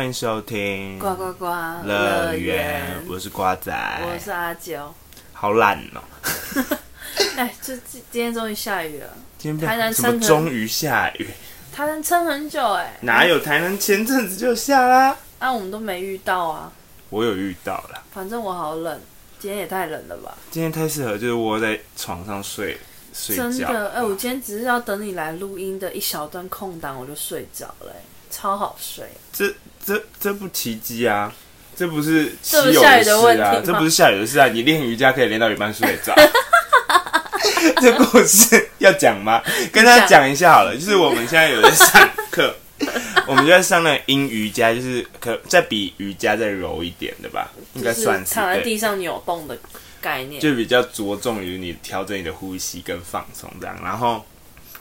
歡迎收聽呱呱呱樂園，我是瓜仔，我是阿九，好冷哦、喔！哎、 欸，這今天終於下雨了，今天台南怎麼終於下雨？台南撐很久哎、欸，哪有台南前陣子就下啦？ 啊，我們都沒遇到啊，我有遇到了。反正我好冷，今天也太冷了吧？今天太適合就是窩在床上睡睡覺。真的哎、欸，我今天只是要等你來錄音的一小段空檔，我就睡着了、欸，超好睡。這。這這不奇蹟啊，這不是下雨的問題啊，這不是下雨的事啊！你練瑜伽可以練到一半睡着。 這故事要講嗎？跟大家講一下好了，就是我們現在有在上課， 我們就在上那陰瑜伽，就是可再比瑜伽再柔一點的吧，應該算是躺在地上扭動的概念，就比較着重於你調整你的呼吸跟放鬆這樣。然後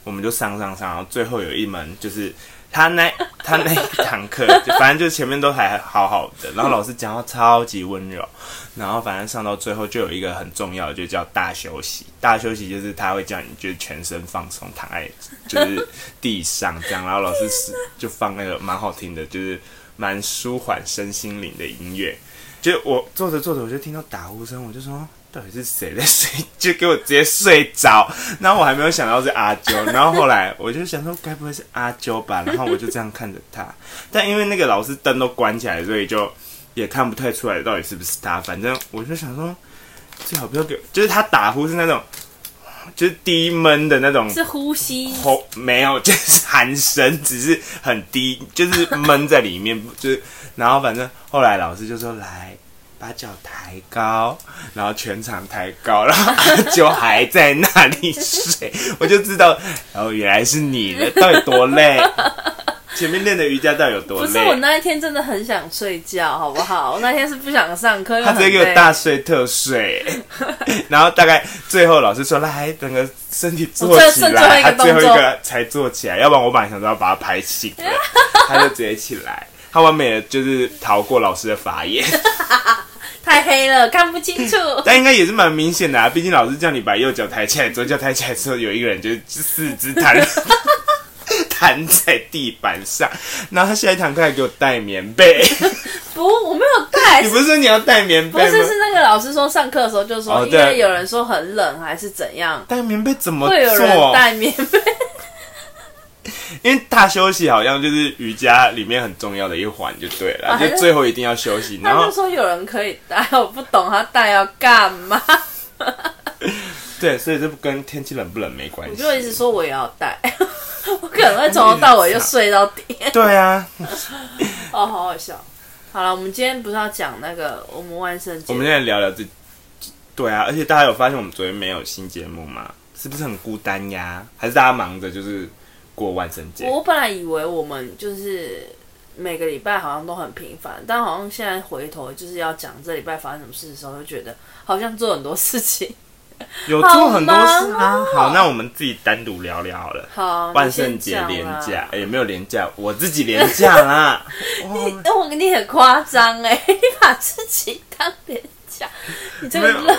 我們就上上上，然後最後有一門就是。他那他那一堂課，就反正就是前面都還好好的，然後老師講話超級溫柔，然後反正上到最後就有一個很重要的，就叫大休息。大休息就是他會叫你就全身放鬆，躺在就是地上這樣，然後老師就放那個蠻好聽的，就是蠻舒緩身心靈的音樂。就是我坐着坐着，我就聽到打呼聲，我就說。到底是誰在睡？就給我直接睡着，然後我還沒有想到是阿嬌，然後後來我就想說，該不會是阿嬌吧？然後我就這樣看着他，但因為那個老師燈都關起來，所以就也看不太出來到底是不是他。反正我就想說，最好不要給，就是他打呼是那種，就是低悶的那種，是呼吸？沒有，就是喊聲，只是很低，就是悶在裡面，就是。然後反正後來老師就說來。把腳抬高，然後全場抬高，然後就還在那裡睡， 我就知道，然、哦、原來是你的，到底多累？前面練的瑜伽到底有多累？不是，我那一天真的很想睡覺，好不好？ 我那天是不想上課，他直接給我大睡特睡， 然後大概最後老師說，來，整個身體坐起來，他最、啊、最,最後一個才坐起來，要不然我晚上都要把他拍醒了，他就直接起來，他完美的就是逃過老師的法眼。 太黑了，看不清楚。但應該也是蠻明顯的啊，畢竟老師叫你把右腳抬起來，左腳抬起來的時候，有一個人就四肢癱癱 在地板上。然後他下一堂課還給我帶棉被，不，我沒有帶。你不是說你要帶棉被嗎？不是，是那個老師說上課的時候就說，oh、因為有人說很冷還是怎樣，帶棉被怎麼做？會有人帶棉被。因為大休息好像就是瑜伽裡面很重要的一環，就對了、啊，就最後一定要休息。然後他就說有人可以帶，我不懂他帶要幹嘛。 對，所以這跟天氣冷不冷沒關係。你就一直說我也要帶？ 我可能會從頭到尾就睡到底、啊。對啊。 哦，好好笑。好了，我們今天不是要講那個我們萬聖節？我們現在聊聊這。對啊，而且大家有發現我們昨天沒有新節目嗎？是不是很孤單呀？還是大家忙着就是？過萬聖節，我本來以為我們就是每個禮拜好像都很平凡，但好像現在回頭就是要講這禮拜發生什麼事的時候，就覺得好像做很多事情，有做很多事啊。好，嗎好，那我們自己單獨聊聊好了。好、啊，萬聖節連假有沒有連假？我自己連假啦。那我跟你很誇張哎，你把自己當連假。你真的，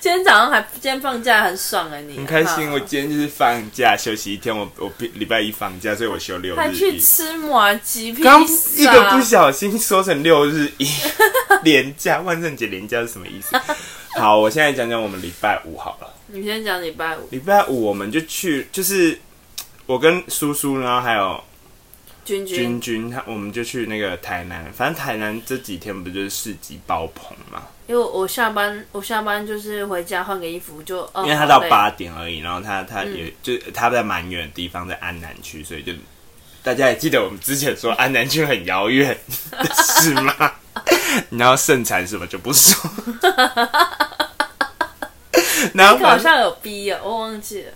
今天早上還今天放假很爽，欸、啊。你很開心。我今天就是放假休息一天，我我禮拜一放假，所以我休六日。去吃麻吉披薩，剛一個不小心說成六日一連 假，萬聖節連假是什麼意思？ 好，我現在講講我們禮拜五好了。你先講禮拜五，禮拜五我們就去，就是我跟叔叔，然後還有君君君君，他我們就去那個台南，反正台南這幾天不就是市集爆棚嘛。因為我下班，我下班就是回家換個衣服就、哦。因為他到八點而已，然後他他也、嗯、就他在蠻遠的地方，在安南區，所以就大家還記得我們之前說安南區很遙遠， 是嗎？ 然後盛產什麼就不說。 然後你好像有 B 啊、哦，我忘記了。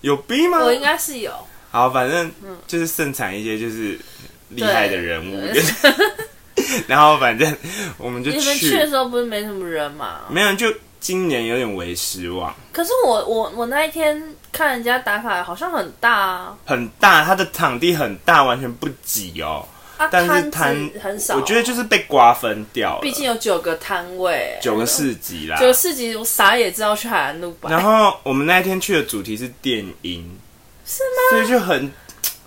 有 B 嗎？我應該是有。好，反正就是盛產一些就是厲害的人物。嗯 然後反正我們就去你們去的時候不是沒什麼人嘛，沒有，人就今年有點微失望。可是我我我那一天看人家打卡好像很大啊，很大，它的場地很大，完全不擠哦。啊、但攤子很少，我覺得就是被瓜分掉了。畢竟有九個攤位，九個市集啦，九個市集，我啥也知道去海南路。然後我們那一天去的主題是電音，是嗎？所以就很，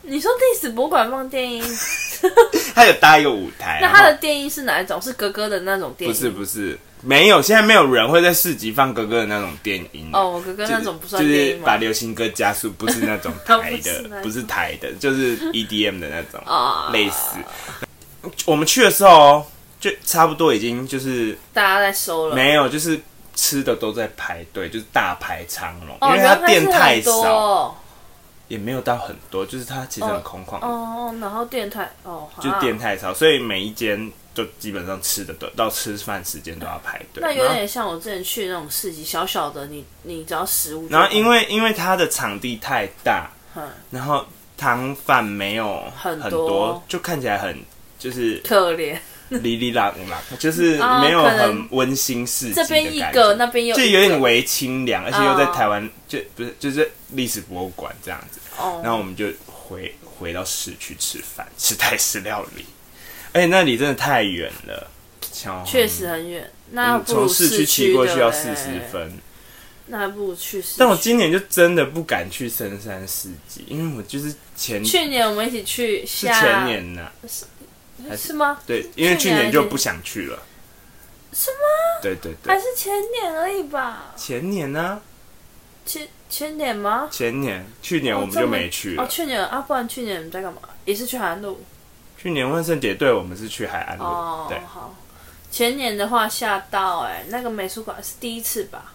你說歷史博物館放電音。 他有搭一個舞台，那他的電音是哪一種？是哥哥的那種電音？不是，不是，沒有，現在沒有人會在市集放哥哥的那種電音。哦，我哥哥那種不算電音，就是。就是把流行歌加速，不是那種台的， 不是，不是台的，就是 EDM 的那種啊，類似。我們去的時候，喔，就差不多已經就是大家在收了，沒有，就是吃的都在排隊，就是大排長龍，哦，因為它店太少。也沒有到很多，就是它其實很空曠。哦，哦然後店太哦，就店太少，啊，所以每一間都基本上吃的都到吃飯時間都要排隊。那有點像我之前去那種市集，小小的，你你只要食物。然後因為因為它的場地太大，嗯，然後糖飯沒有很多，很多就看起來很就是可憐。特別 就是沒有很溫馨市集，這邊一個，那邊有，就有點微清涼，而且又在台灣，就不是就是歷史博物館這樣子。哦。然後我們就回回到市區吃飯，吃泰式料理，而且那裡真的太遠了，確實很遠。那從市區騎過去要四十分，那還不如去。但我今年就真的不敢去深山市集，因為我就是前去年我們一起去，是前年呢？啊。是，是嗎？對，因為去年就不想去了。是嗎？對對對，還是前年而已吧。前年呢、啊？前前年嗎？前年，去年、哦、我們就沒去哦，去年啊，不然去年你在幹嘛？也是去海安路。去年萬聖節，對，我們是去海安路。哦，對好。前年的話，下到哎、欸，那個美術館是第一次吧？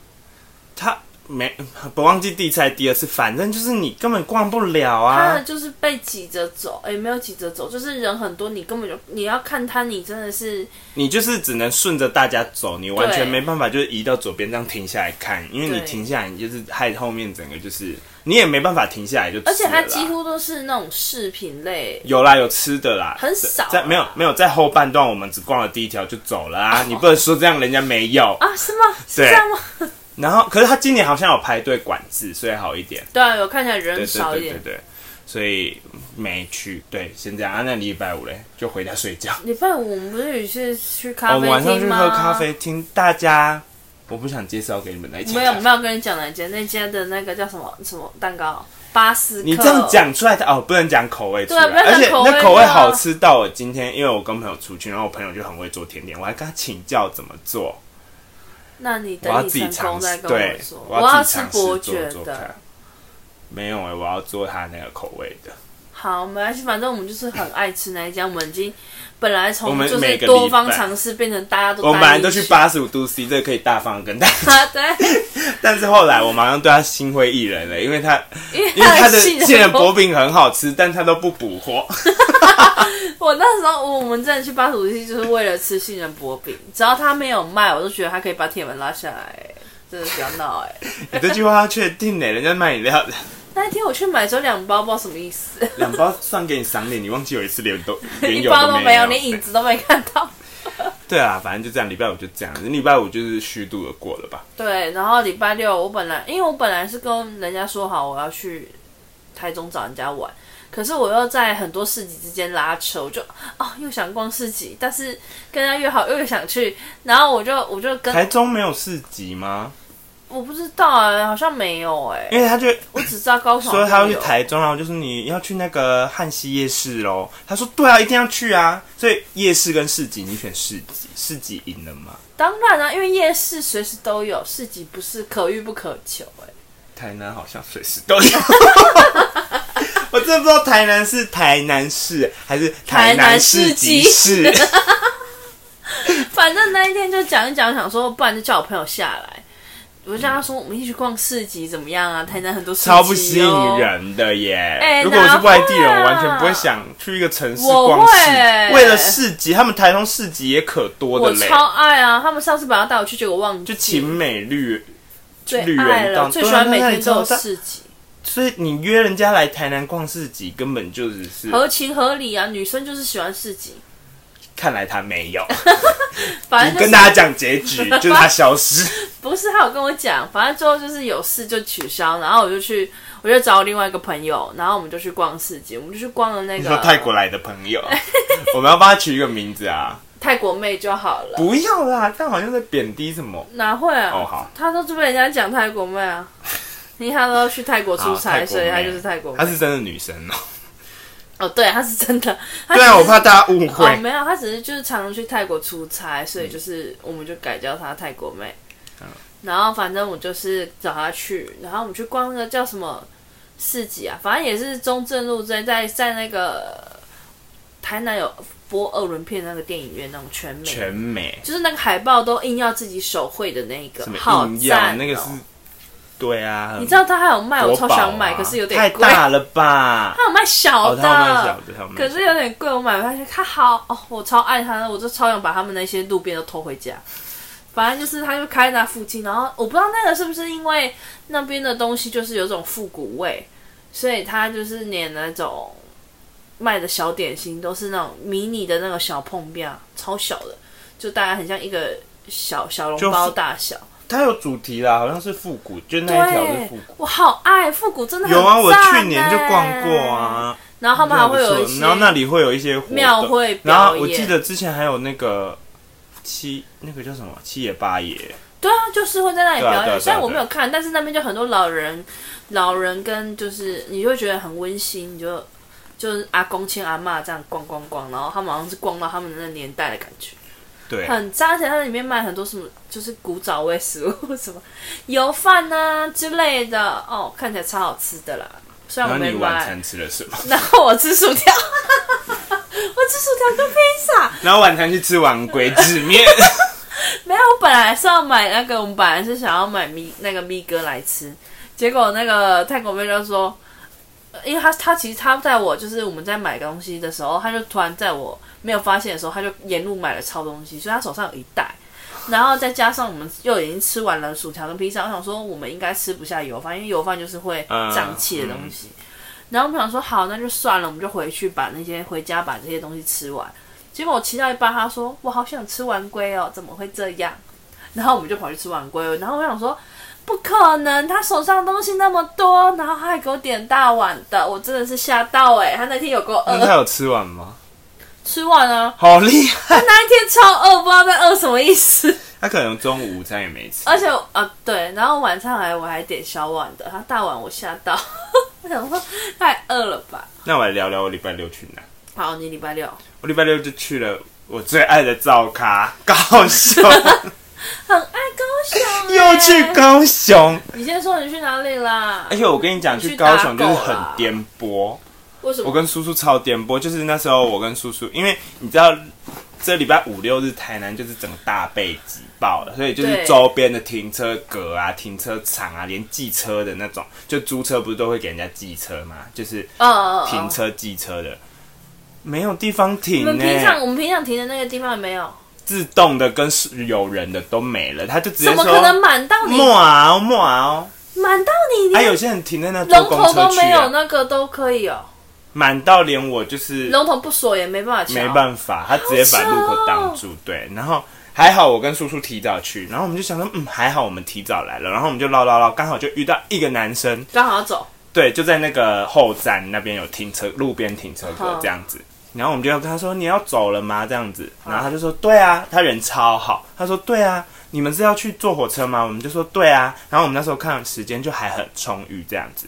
他。沒不忘記第一次還第二次，反正就是你根本逛不了啊。他的就是被擠着走，哎、欸，沒有擠着走，就是人很多，你根本就你要看它，你真的是。你就是只能順着大家走，你完全沒辦法，就是移到左邊這樣停下來看，因為你停下來，你就是害後面整個就是你也沒辦法停下來就吃。而且它幾乎都是那種飾品類，有啦，有吃的啦，很少、啊。在沒有沒有在後半段，我們只逛了第一條就走了啊！Oh. 你不能說這樣人家沒有啊？Oh. Ah, 是嗎？對？是這樣嗎？然後，可是他今年好像有排隊管制，所以好一點。對啊，有看起來人少一點。對對對，對，對所以沒去。對，先這樣啊。那禮拜五嘞，就回家睡覺。禮拜五我們不是去，去咖啡廳嗎、哦、晚上去喝咖啡聽大家。我不想介紹給你們那家。沒有我沒有，跟你講了家那家的那個叫什麼什麼蛋糕巴斯。你這樣講出來的哦，不能講口味出來。對、啊味的啊、而且那口味好吃到我今天，因為我跟朋友出去，然後我朋友就很會做甜點，我還跟他請教怎麼做。那你等我，我要自己嘗試，對，我要自己嘗試做做看，我要吃伯爵的，沒有欸，我要做他那個口味的。.好，沒關係，反正我們就是很愛吃那一家， 我們已經本來從就是多方嘗試，嘗試變成大家都大。我本來都去八十五度 C，這個可以大方跟大家。啊、對 但是後來我馬上對他心灰意冷了，因為他因為他，因為他的杏仁薄餅很好吃，但他都不補貨。 我那時候我們真的去八十五度 C，就是為了吃杏仁薄餅，只要他沒有賣，我就覺得他可以把鐵門拉下來，真的比較鬧哎。 你這句話要確定呢？人家賣飲料的。 那一天我去買只有兩包，不知道什麼意思。兩包算給你賞臉，你忘記有一次連都 一包都沒有，連影子都沒看到。對啊，反正就這樣，禮拜五就這樣，禮拜五就是虛度而過了吧。對，然後禮拜六我本來，因為我本來是跟人家說好我要去台中找人家玩，可是我又在很多市集之間拉扯，我就哦又想逛市集，但是跟人家約好又想去，然後我就我就跟台中沒有市集嗎？我不知道哎、欸，好像沒有哎、欸，因為他就我只知道高雄 所以他要去台中，然後 就是你要去那個旱溪夜市嘍。他說對啊，一定要去啊。所以夜市跟市集，你選市集，市集贏了嗎？當然啊，因為夜市隨時都有，市集不是可遇不可求哎、欸。台南好像隨時都有， 我真的不知道台南是台南市還是台南市集市。市集 反正那一天就講一講，想說不然就叫我朋友下來。我跟他說，我們一起去逛市集怎麼樣啊？台南很多市集超不吸引人的耶、欸！如果我是外地人、啊，我完全不會想去一個城市逛市集。我、欸、為了市集，他們台中市集也可多的嘞。超愛啊！他們上次把他要帶我去，結果我忘記就勤美綠園道。最喜歡每天都有市集。所以你約人家來台南逛市集，根本就是合情合理啊！女生就是喜歡市集。看來他沒有，反 正，就是，跟大家講結局 就是他消失。 不是他有跟我講，反正最後就是有事就取消，然後我就去，我就找我另外一個朋友，然後我們就去逛市集，我們就去逛了那個。你說泰國來的朋友， 我們要幫他取一個名字啊， 泰國妹就好了。不要啦，但好像在貶低什麼？哪會啊？哦、oh, 好，他說這邊人家講泰國妹啊， 因為他要去泰國出差國，啊，所以他就是泰國妹，他是真的女生哦，喔。哦，對，他是真的。對啊，我怕大家誤會、哦。沒有，他只是就是常常去泰國出差，所以就是我們就改叫他泰國妹、嗯。然後反正我就是找他去，然後我們去逛那個叫什麼市集啊，反正也是中正路在在在那個台南有播二輪片那個電影院那種全美。全美。就是那個海報都硬要自己手繪的那個。好，什麼硬要？那個是。對啊，啊，你知道他還有賣，我超想買，啊、可是有點太大了吧？他有賣小的，哦、小的小的，可是有點貴。我買發現他好哦，我超愛他了，我就超想把他們那些路邊都偷回家。反正就是他就開在那附近，然後我不知道那個是不是因為那邊的東西就是有種復古味，所以他就是連那種賣的小點心都是那種迷你的那種小碰面啊，超小的，就大概很像一個小小籠包大小。就是它有主題啦，好像是復古，就那一條路，復古。我好愛復古，真的很、欸、有啊！我去年就逛過啊。然後他們還會有一些，然後那裡會有一些廟會。然後我記得之前還有那個七，那個叫什麼七爺八爺。對啊，就是會在那裡表演，雖然我沒有看。但是那邊就很多老人，老人跟就是，你就覺得很溫馨，你就就是阿公親阿嬤這樣逛逛逛，然後他們好像是逛到他們的那年代的感覺。很，而且他在裡面賣很多什麼，就是古早味食物什麼油飯啊之類的哦，看起來超好吃的啦。那你晚餐吃了什麼？然後我吃薯條， 我吃薯條跟披薩。然後晚餐去吃碗鬼子面。 沒有，我本來是要買那個，我們本來是想要買咪那個咪哥來吃，結果那個泰國妹就說。因為他他其實他在我就是我們在買東西的時候，他就突然在我沒有發現的時候，他就沿路買了超東西，所以他手上有一袋。然後再加上我們又已經吃完了薯條跟披薩，我想說我們應該吃不下油飯，因為油飯就是會脹氣的東西。Uh, um. 然後我想說好，那就算了，我們就回去把那些回家把這些東西吃完。結果我騎到一半，他說我好想吃碗粿哦，怎麼會這樣？然後我們就跑去吃碗粿。然後我想說。不可能，他手上東西那麼多，然後他還給我點大碗的，我真的是嚇到哎、欸！他那天有夠餓。他有吃完嗎？吃完啊，好厲害！他那一天超餓，不知道在餓什麼意思。他可能中午午餐也沒吃。而且啊、呃，對，然後晚上來我還點小碗的，他大碗我嚇到呵呵，我想說太餓了吧。那我來聊聊我禮拜六去哪。好，你禮拜六。我禮拜六就去了我最愛的灶咖搞笑。很愛高雄、欸， 又去高雄。你先說你去哪裡啦？而且我跟你講，嗯、你去高雄就是很顛簸。為什麼？我跟叔叔超顛簸，就是那時候我跟叔叔，因為你知道，這禮拜五六日台南就是整個大被擠爆了，所以就是週邊的停車格啊、停車場啊，連寄車的那種，就租車不是都會給人家寄車嗎？就是，停車寄車的哦哦哦，沒有地方停、欸。你們平常我們平常停的那個地方有沒有？自動的跟是有人的都沒了，他就直接說怎麼可能滿到你？滿哦滿哦，滿、喔、到你！還、啊、有些人停在那坐公、啊，龍頭都沒有那個都可以哦、喔。滿到連我就是龍頭不鎖也沒辦法。沒辦法，他直接把路口擋住、喔。對，然後還好我跟叔叔提早去，然後我們就想說嗯，還好我們提早來了。然後我們就繞繞繞，剛好就遇到一個男生，剛好走，對，就在那個後站那邊有停車，路邊停車格這樣子。然後我們就要跟他說，你要走了嗎？這樣子，然後他就說對啊，他人超好。他說對啊，你們是要去坐火車嗎？我們就說對啊。然後我們那時候看時間就還很充裕這樣子，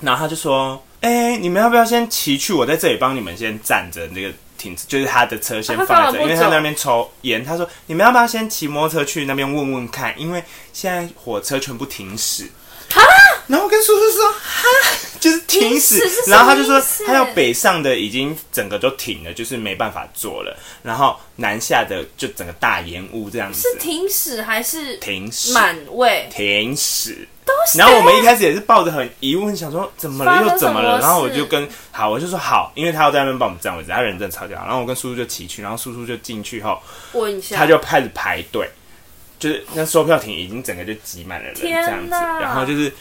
然後他就說哎、欸，你們要不要先騎去？我在這裡幫你們先站着那個停車，就是他的車先放着，因為他在那邊抽菸。他說你們要不要先騎摩托車去那邊問問看？因為現在火車全部停駛。好。然後跟叔叔說，哈，就是停駛。然後他就說，他要北上的已經整個都停了，就是沒辦法坐了。然後南下的就整個大延誤這樣子。是停駛還是停滿位？停駛都。然後我們一開始也是抱着很疑問想說，怎麼了又怎麼了？了麼，然後我就跟好，我就說好，因為他要在那邊幫我們占位置，他人真的吵架。然後我跟叔叔就起去，然後叔叔就進去後，他就開始排隊，就是那售票亭已經整個就擠滿了人這樣子，然後就是。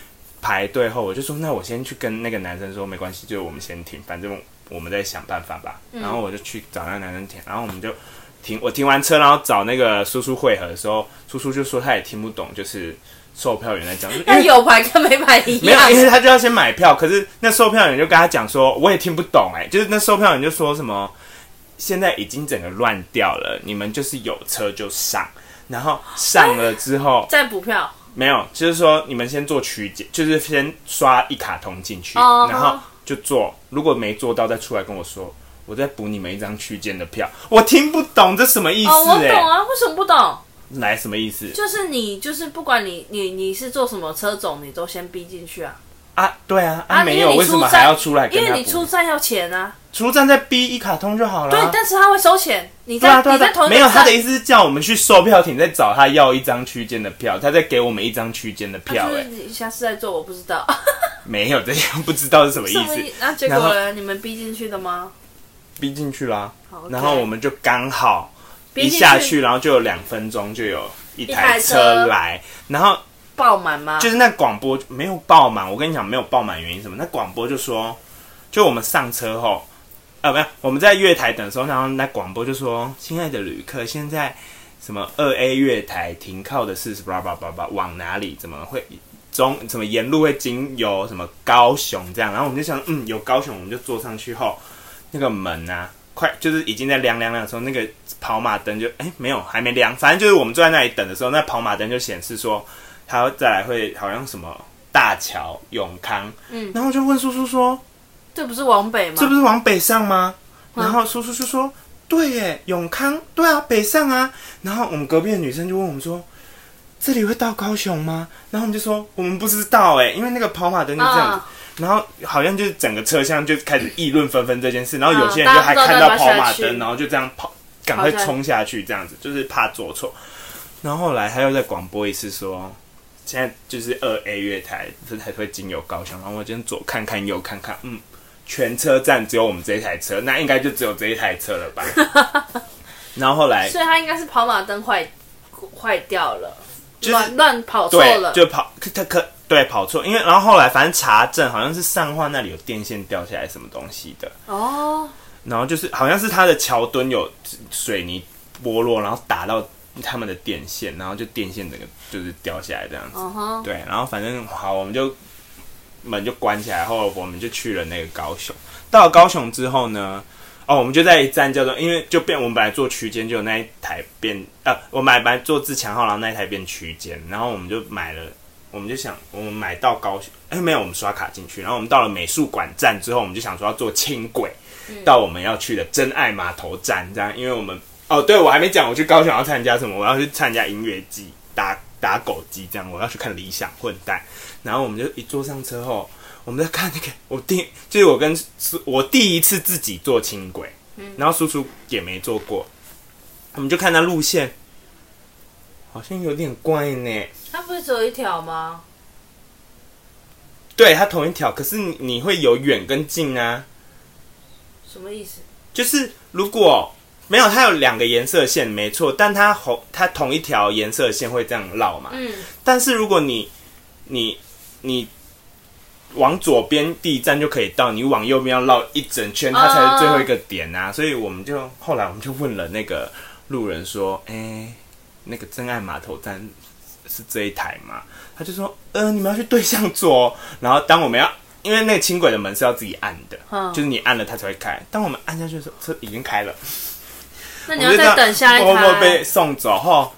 排隊後，我就說那我先去跟那個男生說沒關係，就我們先停，反正我們再想辦法吧。然後我就去找那個男生停，然後我們就停。我停完車，然後找那個叔叔會合的時候，叔叔就說他也聽不懂，就是售票員在講，有牌跟沒牌一樣。沒有，因為他就要先買票。可是那售票員就跟他講說我也聽不懂哎、欸，就是那售票員就說什麼現在已經整個亂掉了，你們就是有車就上，然後上了之後再補票。沒有，就是說你們先做區間，就是先刷一卡通進去，oh, 然後就做。如果沒做到，再出來跟我說，我再補你們一張區間的票。我聽不懂這什麼意思欸。哦, oh, 我懂啊，為什麼不懂？來，什麼意思？就是你就是不管你你你是做什麼車種，你都先逼進去啊。啊，對啊，啊沒有，啊、為，為什麼還要出來？因為你出站要錢啊。出站再 B 一卡通就好了。對，但是他會收錢。你對啊，啊啊、在啊，沒有，他的意思是叫我們去售票亭再找他要一張區間的票，他再給我們一張區間的票。哎、啊，就是，下次在做我不知道。 沒有這樣不知道是什麼意思。意思那結果你們逼進去的嗎？逼進去了，okay。然後我們就剛好一下去，逼去，然後就有兩分鐘就有一台車來，車然後。爆滿嗎？就是那廣播沒有爆滿，我跟你講沒有爆滿原因什麼？那廣播就說，就我們上車後，啊、呃，沒有，我們在月台等的時候，然後那廣播就說：“親愛的旅客，現在什麼二 A 月台停靠的是……吧吧吧吧，往哪裡？怎麼會中，怎麼沿路會經有什麼高雄這樣？”然後我們就想，嗯，有高雄，我們就坐上去後。後那個門啊，快就是已經在亮亮亮的時候，那個跑馬燈就哎、欸、沒有還沒亮，反正就是我們坐在那裡等的時候，那跑馬燈就顯示說。他再來會好像什麼大橋永康，嗯，然後就問叔叔說：“這不是往北嗎？”“這不是往北上嗎？”嗯，然後叔叔就說：“對耶，永康，對啊，北上啊。”然後我們隔壁的女生就問我們說：“這裡會到高雄嗎？”然後我們就說：“我們不知道哎，因為那個跑馬燈就這樣子。啊”然後好像就整個車廂就開始議論紛紛這件事，然後有些人就還看到跑馬燈，然後就這樣跑，趕快衝下去這樣子，就是怕做錯。然後後來他又在廣播一次說。現在就是二 A 月台，這台會經由高雄，然後我今天左看看右看看，嗯，全車站只有我們這一台車，那應該就只有這一台車了吧？ 然後後來，所以他應該是跑馬燈壞壞掉了，就是、亂，亂跑錯了，就跑他可，可，可對跑錯，因為然後後來反正查證好像是上畫那裡有電線掉下來什麼東西的哦，然後就是好像是他的橋墩有水泥剝落，然後打到。他們的電線，然後就電線整個就是掉下來這樣子，Uh-huh. 對，然後反正好，我們就門就關起來，後來我們就去了那個高雄。到了高雄之後呢，哦，我們就在一站叫做，因為就變，我們本來坐區間就有那一台變，呃，我買本來坐自強號，然後那一台變區間，然後我們就買了，我們就想，我們買到高雄，哎、欸，沒有，我們刷卡進去，然後我們到了美術館站之後，我們就想說要坐輕軌到我們要去的真愛碼頭站這樣，因為我們。哦、oh，對，我還沒講，我去高雄要參加什麼？我要去參加音樂祭，打打狗祭這樣。我要去看《理想混蛋》，然後我們就一坐上車後，我們在看那個我第，就是我跟我第一次自己坐輕軌、嗯，然後叔叔也沒坐過，我們就看那路線，好像有點怪呢？他不是只有一條嗎？對，他同一條，可是你你會有遠跟近啊？什麼意思？就是如果。沒有，它有兩個顏色線，沒錯，但它紅它同一條顏色線會這樣繞嘛？嗯、但是如果你你你往左邊第一站就可以到，你往右邊要繞一整圈，它才是最後一個點吶、啊哦。所以我們就後來我們就問了那個路人說：“哎，那個真愛碼頭站是這一台嗎？”他就說：“嗯、呃，你們要去對向坐。”然後當我們要因為那個輕軌的門是要自己按的、哦，就是你按了它才會開。當我們按下去的時候，車已經開了。那你要再等下一趟，會不會被送走？吼，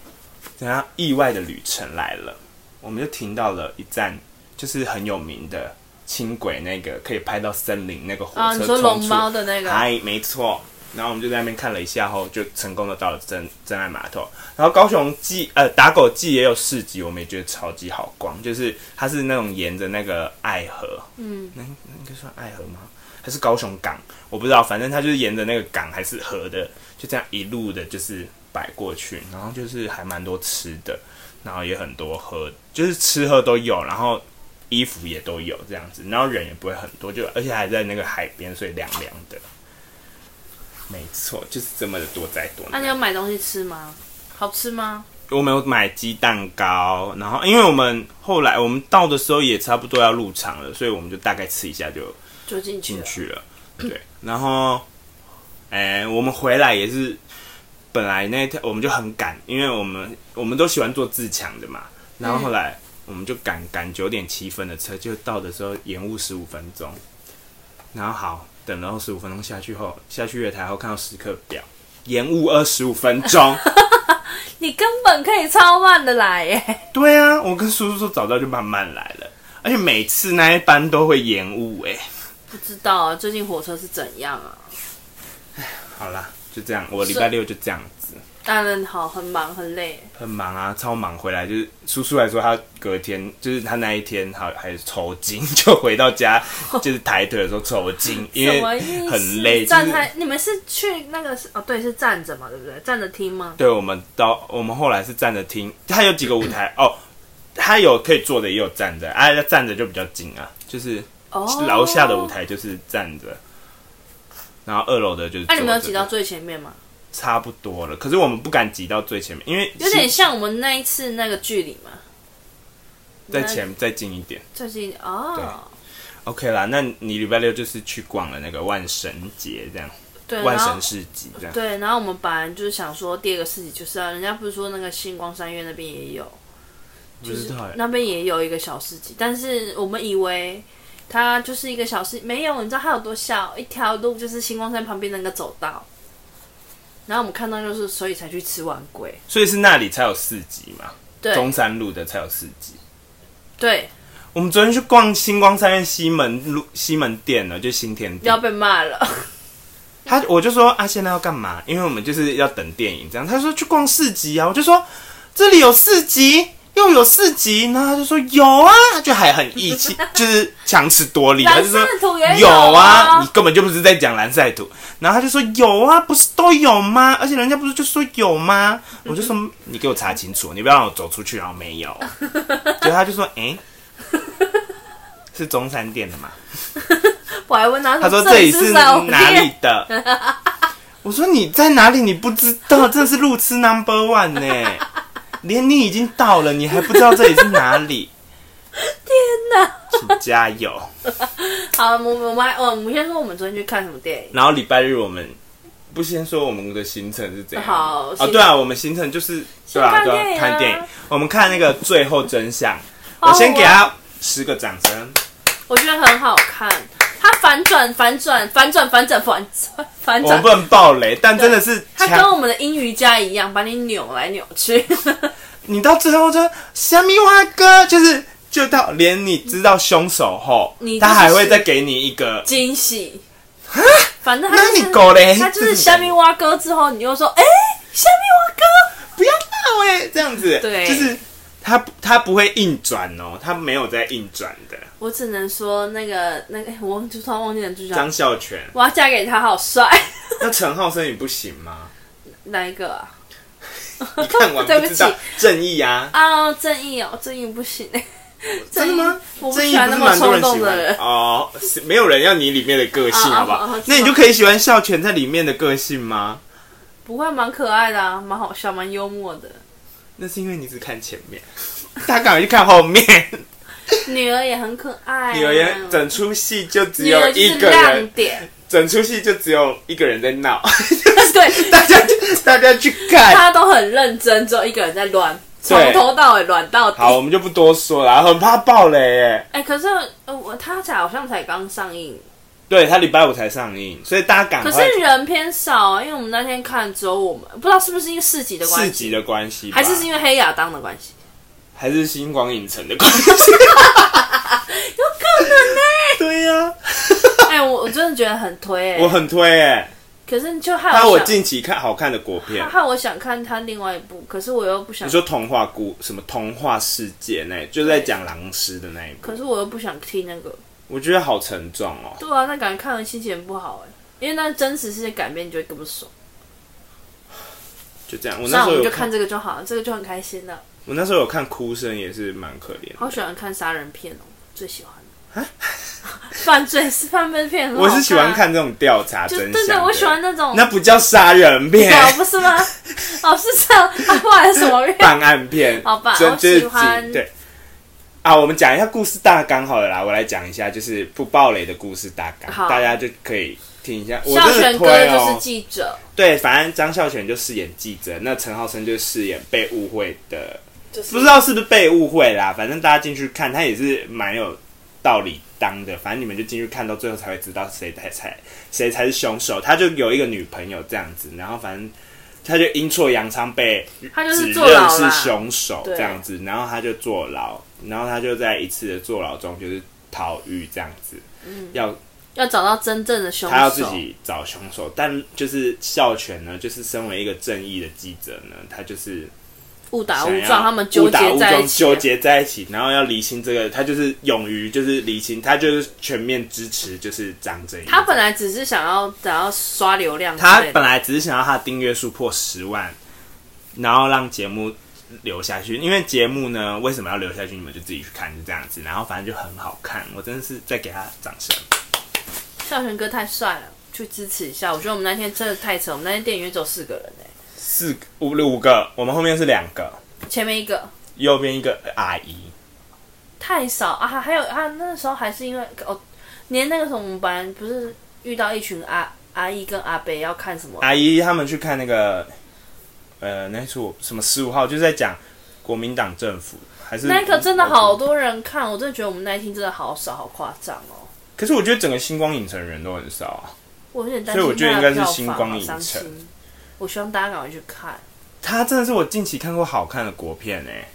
等下意外的旅程來了，我們就停到了一站，就是很有名的輕軌那個可以拍到森林那個火車出。啊，你說龍貓的那個？哎，沒錯。然後我們就在那邊看了一下後，後就成功的到了真真愛碼頭。然後高雄記，呃打狗記也有市集，我們也覺得超級好逛，就是它是那種沿着那個愛河，嗯，那那應該算愛河嗎？還是高雄港，我不知道，反正它就是沿着那個港還是河的。就這樣一路的，就是擺過去，然後就是還蠻多吃的，然後也很多喝，就是吃喝都有，然後衣服也都有這樣子，然後人也不會很多，就而且還在那個海邊，所以涼涼的。沒錯，就是這麼的多災多難。那、啊、你有買東西吃嗎？好吃嗎？我們有買雞蛋糕，然後因為我們後來我們到的時候也差不多要入場了，所以我們就大概吃一下就就進去了。對，然後。哎、欸，我們回來也是，本來那天我們就很趕，因為我們我們都喜歡坐自強的嘛。然後後來我們就趕趕九點七分的車，就到的時候延誤十五分鐘。然後好等，然後十五分鐘下去後，下去月台後看到時刻表，延誤二十五分鐘。 你根本可以超慢的來耶。對啊，我跟叔叔說早知道就慢慢來了，而且每次那一班都會延誤哎、欸。不知道啊，最近火車是怎樣啊？好啦，就這樣，我禮拜六就這樣子。當然好，很忙，很累。很忙啊，超忙。回來就是，叔叔來說，他隔天就是他那一天好，還是抽筋，就回到家就是抬腿的時候抽筋，因為很累，就是。站台，你們是去那個是哦？對，是站着嘛，對不對？站着聽嗎？對，我們到我們後來是站着聽。他有幾個舞台 哦，他有可以坐的，也有站着。哎、啊，站着就比較近啊，就是樓、oh. 下的舞台就是站着。然後二樓的就是，那、啊、你們有擠到最前面嗎？差不多了，可是我們不敢擠到最前面，因為有點像我們那一次那個距離嘛，在前再近一點，再近一點哦。OK 啦，那你禮拜六就是去逛了那個萬聖節這樣，對萬聖市集這樣。對，然後我們本來就是想說第二個市集，就是啊，人家不是說那個新光三越那邊也有不，就是那邊也有一個小市集，但是我們以為。它就是一個小時沒有，你知道他有多小？一條路就是星光山旁邊那個走道。然後我們看到就是，所以才去吃晚鬼。所以是那裡才有市集嘛？對，中山路的才有市集。對，我們昨天去逛新光三越西門路西門店哦，就新天地要被罵了。他我就說啊，現在要幹嘛？因為我們就是要等電影，這樣他說去逛市集啊，我就說這裡有市集。又有四級，然後他就說有啊，就還很義氣， 就是強詞奪理， 他就說有啊， 你根本就不是在講藍賽圖。然後他就說有啊，不是都有嗎？而且人家不是就說有嗎？嗯、我就說你給我查清楚，你不要讓我走出去，然後沒有。結果，他就說哎、欸，是中山店的嘛？我還問他，他說這裡是哪裡的？ 我說你在哪裡？你不知道，這是路痴 number one 呢。連你已經到了，你還不知道這裡是哪裡？ 天哪！請加油。 好，我們我們我們先說我們昨天去看什麼電影。然後禮拜日我們不先說我們的行程是怎樣，嗯？好啊，哦哦，對啊，我們行程就是啊對啊，對啊，看電影。我們看那個《最後真相》好好，我先給他十個掌聲。我覺得很好看。他反轉，反轉，反轉，反轉，反轉，反轉，我不能爆雷， 但真的是。他跟我們的陰瑜伽一樣，把你扭來扭去。 你到最後說“蝦米蛙哥”，就是就到連你知道凶手後，你他還會再給你一個驚喜。啊，反正他狗、就、嘞、是，他就是蝦米蛙哥之後，你又說：“哎，蝦、欸、米蛙哥，不要鬧哎、欸，這樣子。”對，就是他他不會硬轉哦，他沒有在硬轉的。我只能說那個那個，欸、我就突然忘記了，就叫張孝全，我要嫁給他，好帥。那陳浩生也不行嗎？哪一個啊？ 你看完對不起，正義啊！ 啊，正義哦，正義不行哎、欸。真的嗎？我喜歡正義不是蠻衝動的人、人。哦， 沒有人要你裡面的個性好不好，好、啊、吧、啊啊啊啊？那你就可以喜歡孝全在裡面的個性嗎？不會，蠻可愛的、啊，蠻好笑，蠻幽默的。那是因為你只看前面，他趕快去看後面。 女兒也很可愛、啊。女兒，整齣戲就只有一個人亮點。整齣戲就只有一個人在鬧， 對，大家去大家去看。她都很認真，只有一個人在亂，從頭到尾亂到頭。好，我們就不多說了，很怕爆雷。哎、欸，可是我、呃、他才好像才剛上映，對他禮拜五才上映，所以大家趕。可是人偏少、啊，因為我們那天看只有我們，不知道是不是因為四級的關四級的關係，還是是因為黑亞當的關係。還是星光影城的關係， 有可能呢、欸。 對呀，哎，我真的覺得很推、欸，我很推哎、欸。可是就害我，我近期看好看的國片，害我想看他另外一部，可是我又不想聽。你說童話故什麼童話世界呢？就在講狼師的那一部。可是我又不想聽那個，我覺得好沉重哦、喔。對啊，那感覺看了心情不好哎、欸，因為那真實事件改編你就跟不爽。就這樣，我那我們就看這個就好了，這個就很開心了。我那時候有看哭聲，也是蠻可憐。好喜歡看殺人片哦，最喜歡的 犯罪是犯罪片，我是喜歡看這種調查真相的真的。我喜歡那種。那不叫殺人片，不是嗎？ 哦，是叫還有什麼片？辦案片，好吧，我就，就，就喜歡。對。啊，我們講一下故事大綱好了啦，我來講一下，就是不暴雷的故事大綱，大家就可以。請一下，我就是記者，推哦、對，反正張孝全就飾演記者，那陳浩生就飾演被誤會的、就是，不知道是不是被誤會啦。反正大家進去看他也是蠻有道理當的，反正你們就進去看到最後才會知道誰才誰才是兇手。他就有一個女朋友這樣子，然後反正他就陰錯陽差被指認是兇手這樣子，然後他就坐牢，然後他就在一次的坐牢中就是逃獄這樣子，嗯，要。要找到真正的兇手，他要自己找兇手，但就是孝全呢，就是身為一個正義的記者呢，他就是誤打誤撞，他們誤打誤撞糾結在一起，然後要理清這個，他就是勇於就是理清，他就是全面支持，就是張正義。他本來只是想要想要刷流量，他本來只是想要他的訂閱數破十萬，然後讓節目留下去。因為節目呢，為什麼要留下去？你們就自己去看，就這樣子。然後反正就很好看，我真的是在給他掌聲。孝全哥太帥了，去支持一下！我覺得我們那天真的太扯，我們那天電影院只有四個人，欸，四五五個，我們後面是兩個，前面一個，右邊一個阿姨，太少啊！還有啊，那個時候還是因為哦，連那個時候我們班不是遇到一群阿阿姨跟阿伯要看什麼？阿姨他們去看那個，呃，那時候什麼十五號，就是在講國民黨政府，還是那個真的好多人看，我真的覺得我們那一天真的好少，好誇張哦。可是我覺得整個星光影城的人都很少，啊，所以我覺得應該是星光影城。啊，我希望大家趕快去看，它真的是我近期看過好看的國片哎，欸。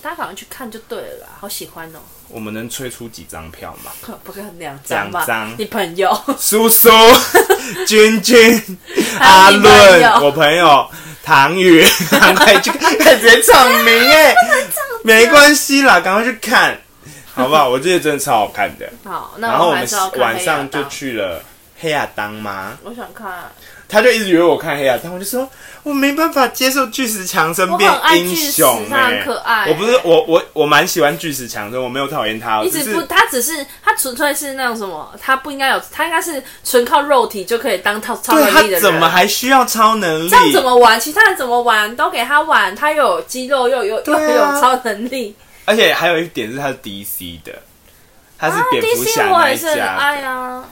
大家趕快去看就對了，好喜歡哦，喔。我們能催出幾張票嗎？不是兩張，兩張。你朋友蘇蘇、叔叔， 君君、阿倫， 我朋友唐宇，趕快去，趕、欸、 快去看，名哎，沒關係啦，趕快去看。 好不好？我這些真的超好看的。好，我然後我們晚上就去了黑《黑亞當》嗎？我想看。他就一直以為我看《黑亞當》，我就說，我沒辦法接受巨石強森變英雄、欸。很，他很可愛、欸！我不是，我我我蠻喜歡巨石強森，我沒有討厭他。一直不，他只是他純粹是那種什麼，他不應該有，他應該是純靠肉體就可以當超超能力的人。他怎麼還需要超能力？這樣怎麼玩？其他人怎麼玩？都給他玩，他又有肌肉，又有又有、啊、又有超能力。而且還有一點是他是 DC 的，他是蝙蝠俠一家的，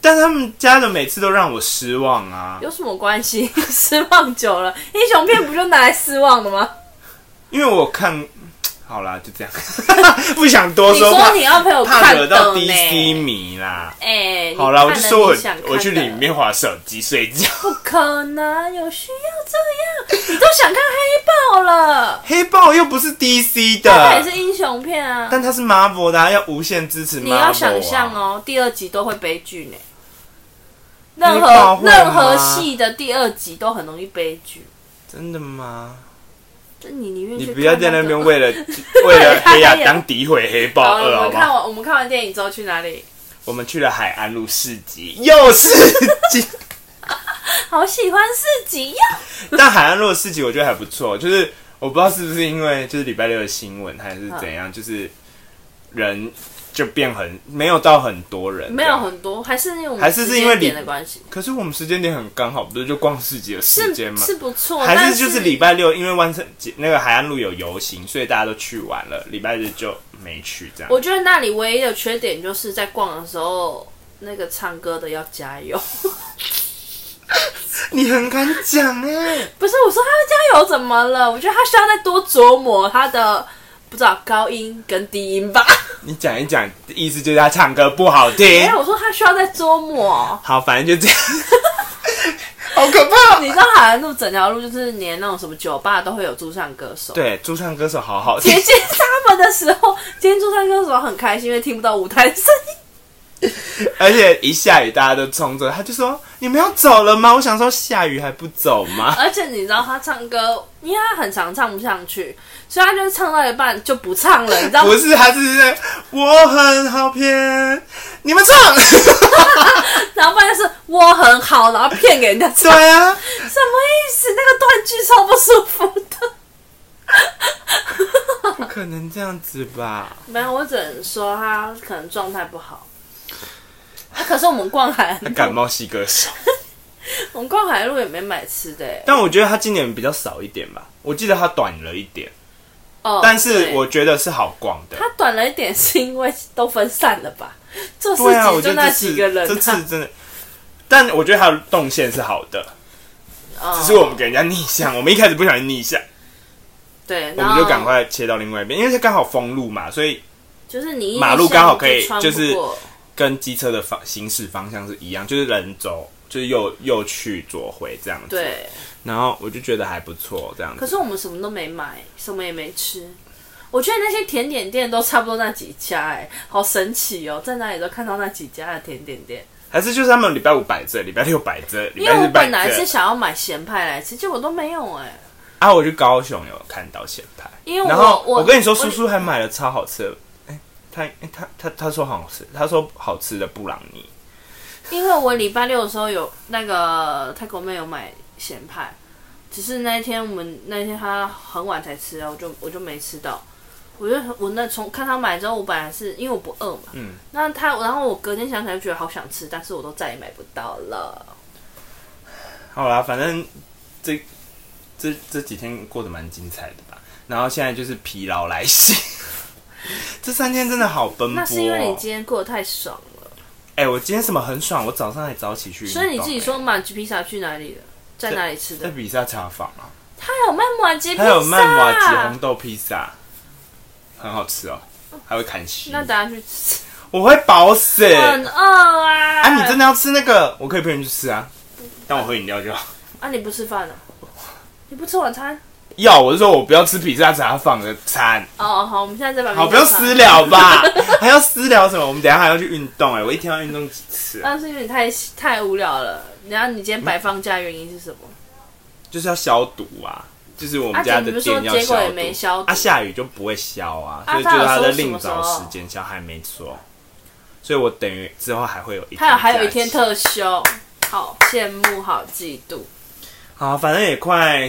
但他們家的每次都讓我失望啊！有什麼關係？失望久了，英雄片不就拿來失望的嗎？因為我看。好啦，就這樣， 不想多說。 你說你要陪我看？得到 DC 迷啦。哎、欸，好啦，我就說我想我去裡面划手機睡覺。不可能有需要這樣， 你都想看黑豹了？黑豹又不是 D C 的，它也是英雄片啊。但它是 Marvel 的、啊、要無限支持 Marvel、啊。你要想象哦、喔，第二集都會悲劇呢、欸。任何任何戲的第二集都很容易悲劇。真的嗎？你寧願你不要在那邊為了 為了黑亞當詆毀黑豹二哦。我們看完我們看完電影之後去哪裡？我們去了海安路市集，又市集， 好喜歡市集呀！但海安路市集我覺得還不錯，就是我不知道是不是因為就是禮拜六的新聞還是怎樣，就是人。就變很沒有到很多人，啊，沒有很多，還是那種還是是因為點的關係。可是我們時間點很剛好，不就逛市集的時間嗎？是，是不錯，還是就是禮拜六，因為晚上那個海岸路有遊行，所以大家都去玩了，禮拜日就沒去。這樣，我覺得那裡唯一的缺點就是在逛的時候，那個唱歌的要加油。 你很敢講哎，不是我說他要加油怎麼了？我覺得他需要再多琢磨他的不知道高音跟低音吧。你講一講，意思就是他唱歌不好聽。哎、欸，我說他需要再琢磨。好，反正就這樣， 好可怕。你知道，海南路整條路就是連那種什麼酒吧都會有駐唱歌手。對，駐唱歌手好好聽。姐姐他們的時候，今天駐唱歌手很開心，因為聽不到舞台聲音。而且一下雨，大家都衝着他就說：“你們要走了嗎？”我想說：“下雨還不走嗎？”而且你知道他唱歌。因為他很常唱不上去，所以他就是唱到一半就不唱了，你知道嗎？不是，他是我很好騙，你們唱。 然後發現是我很好，然後騙給人家唱。對啊，什麼意思？那個斷句超不舒服的。 不可能這樣子吧？沒有，我只能說他可能狀態不好。他、啊、可是我們逛海，他感冒歌手。我們逛海路也沒買吃的，但我覺得他今年比較少一點吧。我記得它短了一點，哦、oh,，但是我覺得是好逛的。它短了一點是因為都分散了吧？做事、啊、我這就那幾個人、啊，這次真的。但我覺得他的動線是好的，oh. 只是我們給人家逆向。我們一開始不小心逆向，對，我們就趕快切到另外一邊，因為是剛好封路嘛，所以就是你馬路剛好可以，就是跟機車的方行駛方向是一樣，就是人走。就又又去左回這樣子，對，然後我就覺得還不錯這樣子。可是我們什麼都沒買，什麼也沒吃。我覺得那些甜點店都差不多那幾家、欸，哎，好神奇哦，喔，在哪裡都看到那幾家的甜點店。還是就是他們禮拜五擺這，禮拜六擺這，禮拜日擺這。因為我本來是想要買鹹派來吃，結果我都沒有哎、欸。啊，我去高雄有看到鹹派。因為我，然後我，我，我跟你說，叔叔還買了超好吃的，欸、他、欸、他他他說很好吃，他說好吃的布朗尼。因為我禮拜六的時候有那個泰國妹有買鹹派，只是那一天我們那天她很晚才吃啊，我就我就沒吃到。我就我那從看她買之後，我本來是因為我不餓嘛，嗯，那她然後我隔天想起來就覺得好想吃，但是我都再也買不到了。好啦，反正這這這這幾天過得蠻精彩的吧，然後現在就是疲勞來襲。 這三天真的好奔波喔，那是因為你今天過得太爽了。哎、欸，我今天什麼很爽？我早上還早起去、欸。所以你自己說滿街披薩去哪裡了？在哪裡吃的？在，在比薩茶坊啊。他有賣滿街披薩，還有賣紫紅豆披薩、嗯，很好吃哦、喔。還會砍席。那等下去吃。我會飽死、欸。很餓、oh, 啊！你真的要吃那個？我可以陪你去吃啊。但我喝飲料就好。啊，你不吃飯了、啊？你不吃晚餐？要，我是說，我不要吃披薩，只要放的餐哦。Oh, 好，我們現在再把好，不要私聊吧， 還要私聊什麼？我們等一下還要去運動，哎，我一天要運動幾次？那 是因為太太無聊了。然後你今天擺放假，原因是什麼？就是要消毒啊，就是我們家的電要消毒，啊，結果沒消毒。啊，下雨就不會消啊，啊所以就是他在另找時間消，還沒做。所以我等於之後還會有一天，還有還有一天特休，好羨慕，好嫉妒。好，反正也快。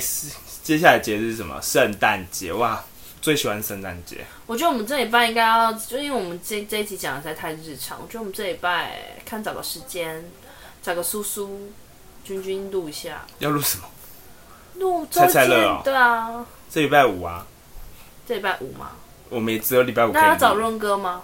接下來節日是什麼？聖誕節哇，最喜歡聖誕節。我覺得我們這禮拜應該要，就因為我們這這一集講的實在太日常，我覺得我們這禮拜看找個時間，找個蘇蘇、君君錄一下。要錄什麼？錄猜猜樂啊、喔。對啊。這禮拜五啊。這禮拜五嗎？我們也只有禮拜五。那要找潤哥嗎？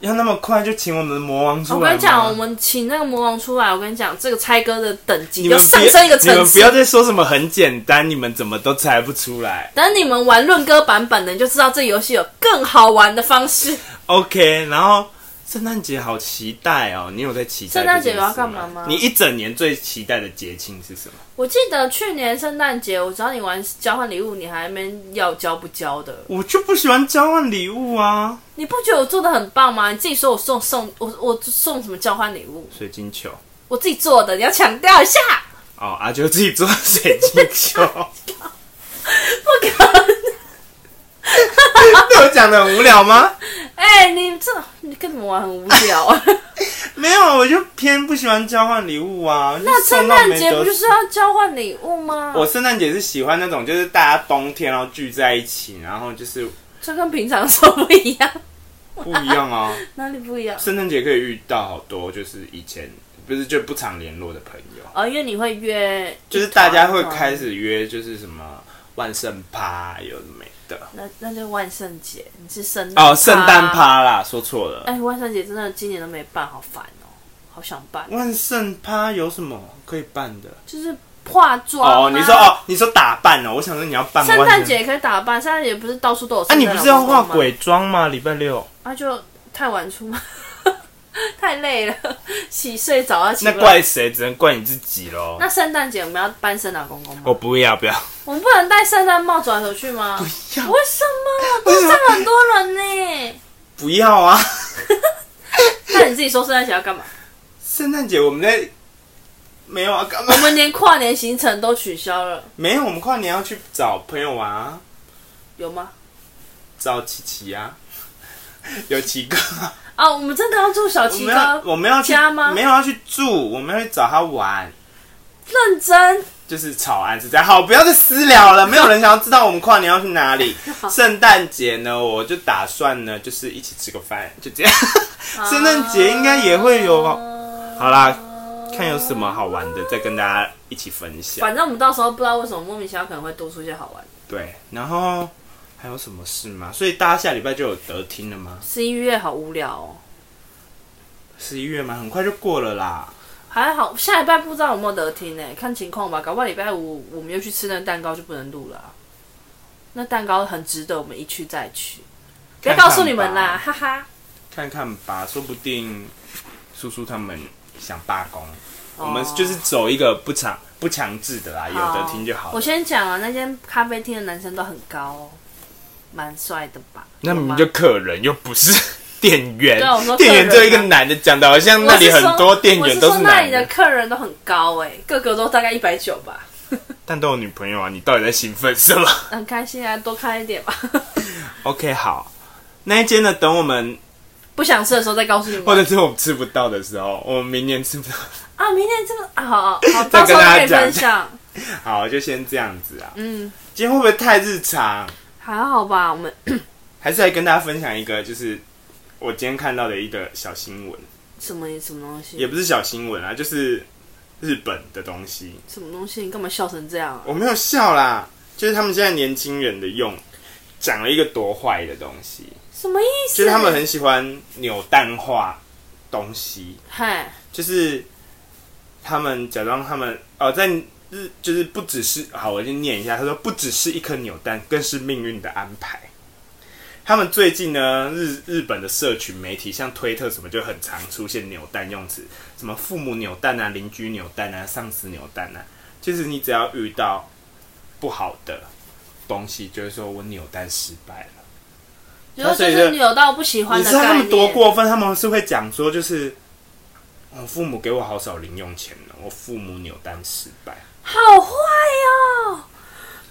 要那麼快就請我們的魔王出來？我跟你講，我們請那個魔王出來，我跟你講，這個猜歌的等級有上升一個層次你。你們不要再說什麼很簡單，你們怎麼都猜不出來。等你們玩論歌版本的，你就知道這遊戲有更好玩的方式。OK，然後。聖誕節好期待哦、喔！你有在期待聖誕節要幹嘛嗎？你一整年最期待的節慶是什麼？我記得去年聖誕節，我找你玩交換禮物，你還沒要交不交的。我就不喜歡交換禮物啊！你不覺得我做的很棒嗎？你自己說我送送我我,我送什麼交換禮物？水晶球。我自己做的，你要強調一下。哦，阿、啊、九自己做水晶球， 不可能！哈哈哈我講的很無聊嗎？哎、欸。你跟什麼玩很無聊啊？ 沒有，我就偏不喜歡交換禮物啊。那聖誕節不就是要交換禮物嗎？我聖誕節是喜歡那種，就是大家冬天然後聚在一起，然後就是。這跟平常說不一樣。不一樣啊？ 哪裡不一樣？聖誕節可以遇到好多，就是以前不是就不常聯絡的朋友。哦，因為你會約，就是大家會開始約，就是什麼萬聖趴有沒？那那就萬聖節，你是聖哦，聖誕趴啦，說錯了。哎、欸，萬聖節真的今年都沒辦，好煩哦、喔，好想辦。萬聖趴有什麼可以辦的？就是化妝、啊、哦。你說哦，你說打扮哦、喔，我想說你要辦萬。聖誕節也可以打扮，聖誕節不是到處都有。哎、啊，你不是要化鬼妝嗎？禮拜六？啊就，就太晚出門。太累了，洗睡早啊！那怪誰？只能怪你自己嘍。那聖誕節我們要扮聖誕公公嗎？我不要不要。我們不能戴聖誕帽轉頭去嗎？不要。為什麼？路上很多人呢、欸。不要啊！那 你自己說聖誕節要幹嘛？聖誕節我們在沒有啊？我們連跨年行程都取消了。沒有，我們跨年要去找朋友玩啊。有嗎？找琪琪呀、啊，有幾個？哦，我們真的要住小奇哥家嗎？我們要，我們要去，沒有要去住，我們要去找他玩。認真，就是草案是這樣。好，不要再私聊了，了，沒有人想要知道我們跨年要去哪裡。聖誕節呢，我就打算呢，就是一起吃個飯，就這樣。聖誕節應該也會有，好啦，看有什麼好玩的，再跟大家一起分享。反正我們到時候不知道為什麼莫名其妙可能會多出一些好玩的。對，然後。還有什麼事嗎？所以大家下禮拜就有得聽了嗎？十一月好無聊哦。十一月嗎？很快就過了啦。還好下禮拜不知道有沒有得聽呢、欸，看情況吧。搞不好禮拜五我們又去吃那個蛋糕就不能錄了、啊。那蛋糕很值得我們一去再去。不要告訴你們啦看看，哈哈。看看吧，說不定叔叔他們想罷工，oh. 我們就是走一個不強不強制的啦，有得聽就好了。Oh. 我先講啊，那間咖啡廳的男生都很高哦。蠻帥的吧？那你就客人，又不是店員。店員就一個男的講到，好像那裡很多店員，我是說都是男的，我是說那裡的客人都很高哎、欸，個個都大概一百九吧，呵呵。但都有女朋友啊，你到底在興奮是嗎？很開心啊，多看一點吧。 OK，好。那一間呢？等我們不想吃的時候再告訴你們，或者是我們吃不到的時候，我們明年吃不到啊？明年吃不到好，好，再跟大家分享。好，就先這樣子啊。嗯，今天會不會太日常？還好吧，我們 還是來跟大家分享一個，就是我今天看到的一個小新聞。什麼什麼東西？也不是小新聞啊，就是日本的東西。什麼東西？你幹嘛笑成這樣？我沒有笑啦，就是他們現在年輕人的用講了一個多壞的東西。什麼意思？就是他們很喜歡扭蛋化東西。嗨， 就是他們假裝他們哦，在。日就是不只是好，我先念一下。他說不只是一顆扭蛋，更是命運的安排。他們最近呢，日日本的社群媒體像推特什麼就很常出現扭蛋用詞，什麼父母扭蛋啊、鄰居扭蛋啊、上司扭蛋啊，就是你只要遇到不好的東西，就是說我扭蛋失敗了。就是，就是扭到不喜歡的。的，但他們多過分？他們是會講說，就是我父母給我好少零用錢了，我父母扭蛋失敗。好壞喲、哦！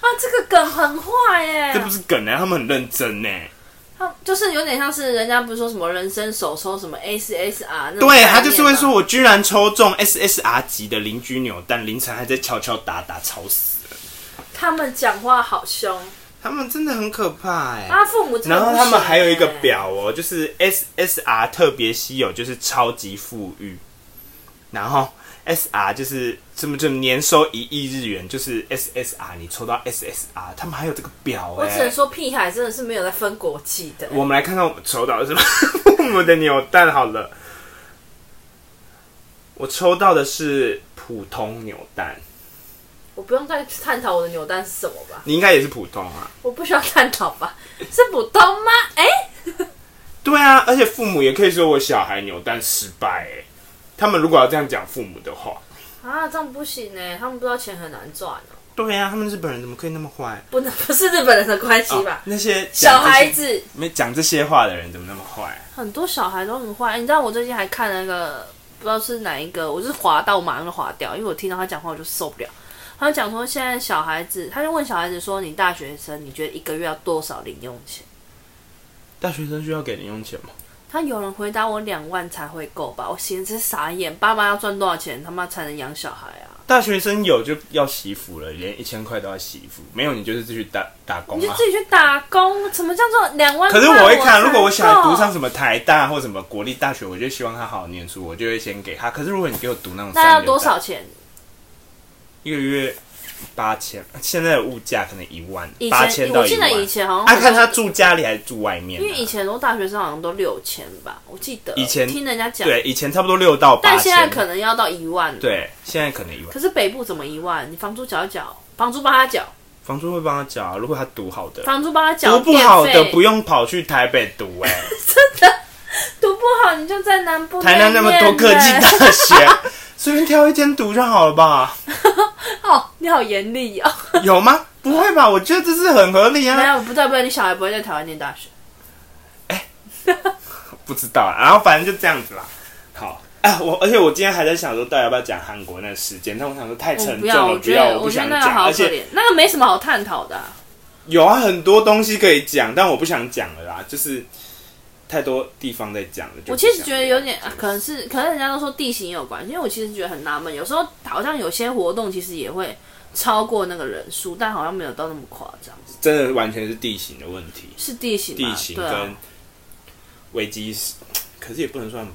啊，這個梗很壞耶！這不是梗呢，他們很認真呢。 就是有點像是人家不是說什麼人生首抽什麼 SSR，對他就是會說：“我居然抽中 SSR 級的鄰居扭蛋，凌晨還在敲敲打打吵死了。”他們講話好凶，他們真的很可怕哎！父母，然後他們還有一個表哦、喔，欸、就是 SSR 特別稀有，就是超級富裕，然後。S R 就是這麼麼年收一億日元，就是 S S R。你抽到 S S R，他們還有這個表哎、欸。我只能說屁孩真的是沒有在分國籍的、欸。我們來看看我們抽到的是什麼父母的扭蛋好了，我抽到的是普通扭蛋。我不用再探討我的扭蛋是什麼吧？你應該也是普通啊。我不需要探討吧？是普通嗎？哎、欸，對啊，而且父母也可以說我小孩扭蛋失敗哎、欸。他們如果要這樣講父母的話，啊，這樣不行呢。他們不知道錢很難賺哦、喔。對呀、啊，他們日本人怎麼可以那麼壞、啊？不能，不是日本人的關係吧、哦？那些小孩子，沒講這些話的人怎麼那麼壞、啊？很多小孩都很壞、欸。你知道我最近還看了那個，不知道是哪一個，我是滑到我馬上就滑掉，因為我聽到他講話我就受不了。他講說，現在小孩子，他就問小孩子說：“你大學生，你覺得一個月要多少零用錢？”大學生需要給零用錢嗎？他有人回答我兩萬才會夠吧，我尋思傻眼。爸媽要賺多少錢他媽才能養小孩啊？大學生有就要惜福了，連一千塊都要惜福。沒有你就是自己打打工啊。你就自己去打工，什麼叫做兩萬？可是我會看，如果我想要讀上什麼台大或什麼國立大學，我就希望他好好念書，我就會先給他。可是如果你給我讀那種，那要多少錢？一個月。八千，現在的物價可能一萬以前，八千到一萬。哎、啊，看他住家裡還是住外面、啊？因為以前都大學生好像都六千吧，我記得。以前聽人家講，對，以前差不多六到八千，但現在可能要到一萬。對，現在可能一萬。可是北部怎麼一萬？你房租繳一繳，房租幫他繳，房租會幫他繳啊。如果他讀好的，房租幫他繳。讀不好的不用跑去台北讀，哎、欸， 真的，讀不好你就在南部。台南那麼多科技大學，隨 便挑一間讀就好了吧。你好嚴厲呀！有嗎？ 不會吧？我覺得這是很合理啊！沒有，不對不對，你小孩不會在台灣唸大學？哎、欸， 不知道、啊。然後反正就這樣子啦。好，哎、啊，我而且我今天還在想說，到底要不要講韓國那個事件？但我想說太沉重了，我不我覺得，不要，我不想講，我覺得那個好可憐，那個沒什麼好探討的、啊。有啊，很多東西可以講，但我不想講了啦，就是太多地方在講了，了。我其實覺得有點，就是啊、可能是可能人家都說地形有關，因為我其實覺得很納悶，有時候好像有些活動其實也會。超過那個人數，但好像沒有到那麼誇張。真的完全是地形的問題，是地形，地形跟危機、啊，可是也不能算。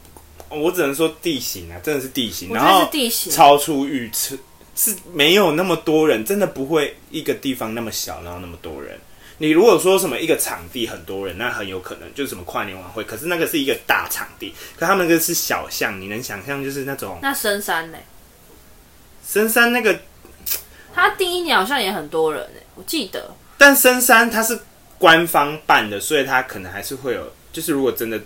我只能說地形啊，真的是地形。地形然後超出預測，是沒有那麼多人，真的不會一個地方那麼小，然後那麼多人。你如果說什麼一個場地很多人，那很有可能就是什麼跨年晚會。可是那個是一個大場地，可是他們那是小巷，你能想象就是那種，那深山呢？深山那個。他第一年好像也很多人哎、欸，我記得。但深山它是官方辦的，所以他可能還是會有，就是如果真的，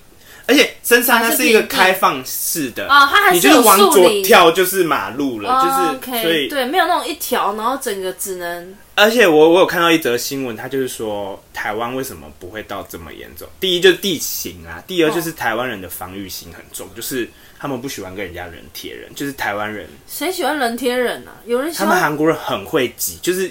而且深山它是一個開放式的啊，它還是、哦、還是，你就是往左跳就是馬路了，就是、嗯、okay, 所以對沒有那種一條，然後整個只能。而且我我有看到一則新聞，他就是說台灣為什麼不會到這麼嚴重？第一就是地形啊，第二就是台灣人的防御心很重，哦、就是。他們不喜歡跟人家人貼人，就是台灣人。誰喜歡人貼人啊？有人喜歡。他們韓國人很會擠，就是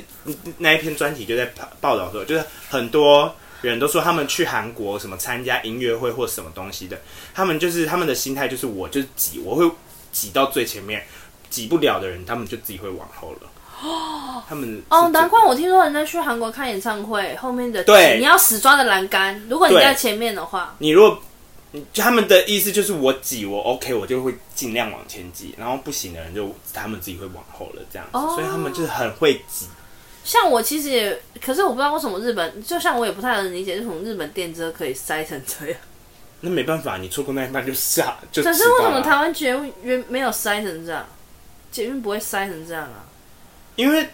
那一篇專題就在報導的時候，就是很多人都說他們去韓國什麼參加音樂會或什麼東西的，他們就是他們的心態就是我就是擠，我會擠到最前面，擠不了的人他們就自己會往後了。哦，他們哦，難怪我聽說人家去韓國看演唱會，後面的對，你要死抓着欄杆，如果你在前面的話，你如果。就他們的意思就是我擠我 OK，我就會儘量往前擠，然後不行的人就他們自己會往後了這樣子，oh.，所以他們就是很會擠。像我其實也，可是我不知道為什麼日本，就像我也不太能理解，為什麼日本電車可以塞成這樣。那沒辦法，你錯過那一半就下就了。可是為什麼台灣捷運沒有塞成這樣？捷運不會塞成這樣啊！因為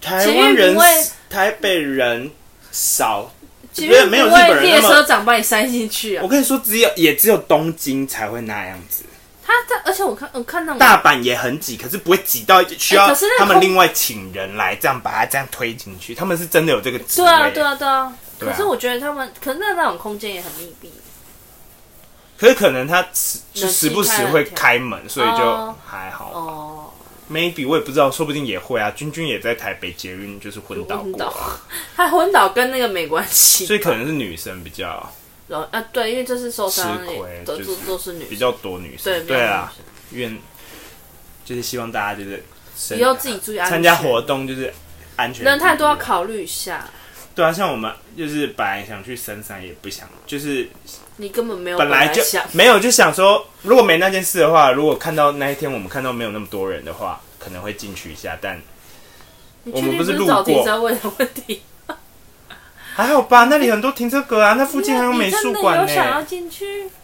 台灣人，會台北人少。其實沒有日本人那麼。列車長把你塞進去啊！我跟你說，只有也只有東京才會那樣子。他他，而且我看我看到。大阪也很擠，可是不會擠到需要他們另外請人來這樣把它這樣推進去。他們是真的有這個職位，欸，他們是真的有這個職位。對啊。對啊，對啊，對啊。可是我覺得他們，可是那那種空間也很密閉。可是可能他時就時不時會開門，所以就還好。嗯嗯 maybe 我也不知道，說不定也會啊。君君也在台北捷運就是昏倒過、啊昏倒，他昏倒跟那個沒關係，所以可能是女生比較。啊，對，因為這次受傷的都都是女生，比較多女生。對對啊，願就是希望大家就是以後、啊、自己注意安全，參加活動就是安全，人太多要考慮一下。對啊，像我們就是本來想去深山，也不想就是。你根本沒有本來，本來就沒有就想說，如果沒那件事的話，如果看到那一天我們看到沒有那麼多人的話，可能會進去一下。但我們不是路過。停車位的問題，還好吧？那裡很多停車格啊，那附近還有美術館呢。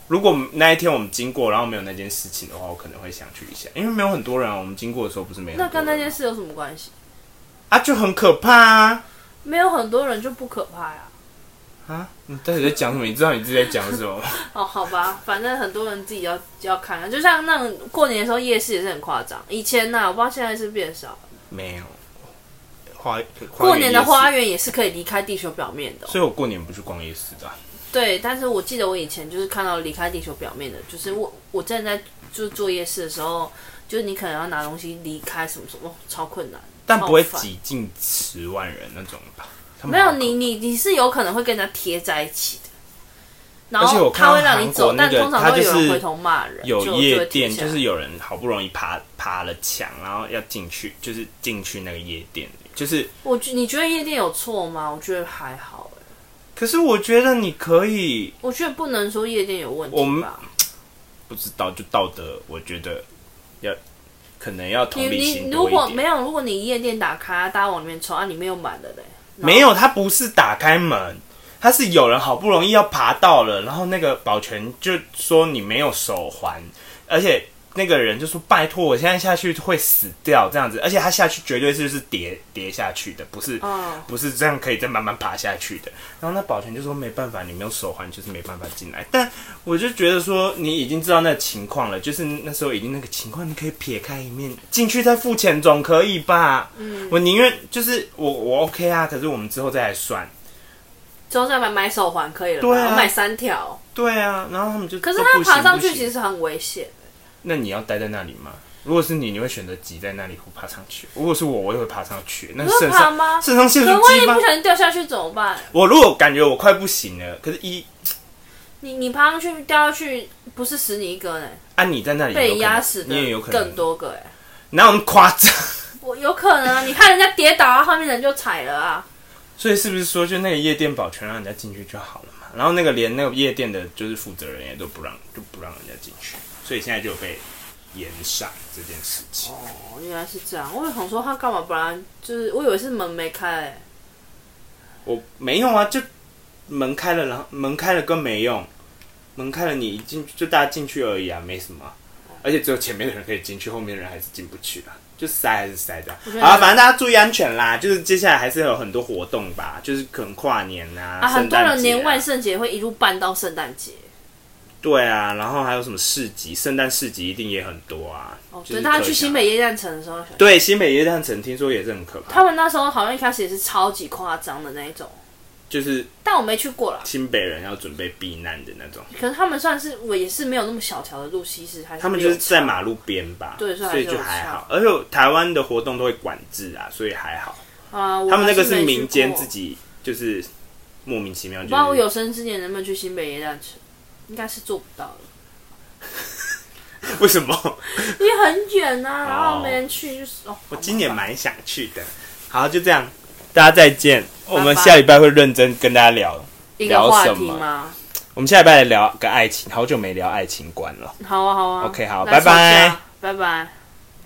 如果那一天我們經過，然後沒有那件事情的話，我可能會想去一下，因為沒有很多人啊，我們經過的時候不是沒有啊。那跟那件事有什麼關係？啊，就很可怕啊。沒有很多人就不可怕呀啊。啊！你到底在講什麼？你知道你自己在講什麼？哦， 好吧，反正很多人自己要要看啊。就像那種過年的時候夜市也是很誇張。以前那、啊、我不知道，現在是變少了。沒有花、花。過年的花園也是可以離開地球表面的、哦。所以我過年不去逛夜市的、啊。對，但是我記得我以前就是看到離開地球表面的，就是我我正在就是做夜市的時候，就是你可能要拿東西離開什麼什麼，超困難。但不會擠進十萬人那種吧？沒有你，你你是有可能會跟人家貼在一起的，然後他會讓你走，那個、但通常會有人回頭罵人。就是有夜店就就，就是有人好不容易爬爬了牆，然後要進去，就是進去那個夜店，就是我你覺得夜店有錯嗎？我覺得還好耶。可是我覺得你可以，我覺得不能說夜店有問題吧？我們不知道，就道德，我覺得要可能要同理心。如果沒有，如果你夜店打開，大家往裡面衝啊，你沒有買，裡面又滿了嘞。沒有，他不是打開門，他是有人好不容易要爬到了，然後那個保全就說，你沒有手環，而且。那個人就說：“拜託，我現在下去會死掉這樣子，而且他下去絕對是跌跌下去的，不是、哦，不是這樣可以再慢慢爬下去的。”然後那保全就說：“沒辦法，你沒有手環就是沒辦法進來。”但我就覺得說，你已經知道那個情況了，就是那時候已經那個情況，你可以撇開一面進去再付錢總可以吧？嗯，我寧願就是我我 OK 啊，可是我們之後再來算，之後再買買手環可以了，對啊，我買三條。對啊，然後他們就可是他爬上去其實很危險。那你要待在那裡嗎？如果是你，你會選擇擠在那裡或爬上去？如果是我，我也會爬上去。那上會爬嗎？身上繫繩嗎？可萬一不小心掉下去怎麼辦？我如果感覺我快不行了，可是一，你你爬上去掉下去，不是死你一個呢、欸？啊，你在那裡被壓死、欸，你也有可能更多個哎、欸，哪有那麼誇張？我有可能，啊。你看人家跌倒、啊， 後面人就踩了啊。所以是不是說，就那個夜店保全讓人家進去就好了嘛？然後那個連那個夜店的，就是負責人也都不讓，就不讓人家進去。所以現在就有被炎上這件事情哦，原來是這樣。我也想說他幹嘛他，不然就是我以為是門沒開哎、欸，我沒用啊，就門開了，然後門開了更沒用，門開了你一進就大家進去而已啊，沒什麼，而且只有前面的人可以進去，後面的人還是進不去了、啊，就塞還是塞的。好、啊，反正大家注意安全啦。就是接下來還是有很多活動吧，就是可能跨年啊，啊，啊很多人連萬聖節會一路辦到聖誕節。對啊，然後還有什麼市集？聖誕市集一定也很多啊。等、哦就是、大家去新北耶誕城的時候想想，對，新北耶誕城聽說也是很可怕。他們那時候好像一開始也是超級誇張的那一種。就是，但我沒去過啦。新北人要準備避難的那種。可是他們算是我也是沒有那麼小條的路西，其實還是。他們就是在馬路邊吧。對，所以，還所以就還好。而且台灣的活動都會管制啊，所以還好。啊，他們那個是民間自己就是莫名其妙、就是。那我，我有生之年能不能去新北耶誕城？應該是做不到了。 為什麼？因 為很遠啊，然後沒人去，就是、oh, 哦、我今年蠻想去的拜拜。好，就這樣，大家再見。拜拜我們下禮拜會認真跟大家聊。聊什麼一個話題嗎？我們下禮拜來聊個愛情，好久沒聊愛情觀了。好啊，好啊。OK，好，好拜拜，拜拜。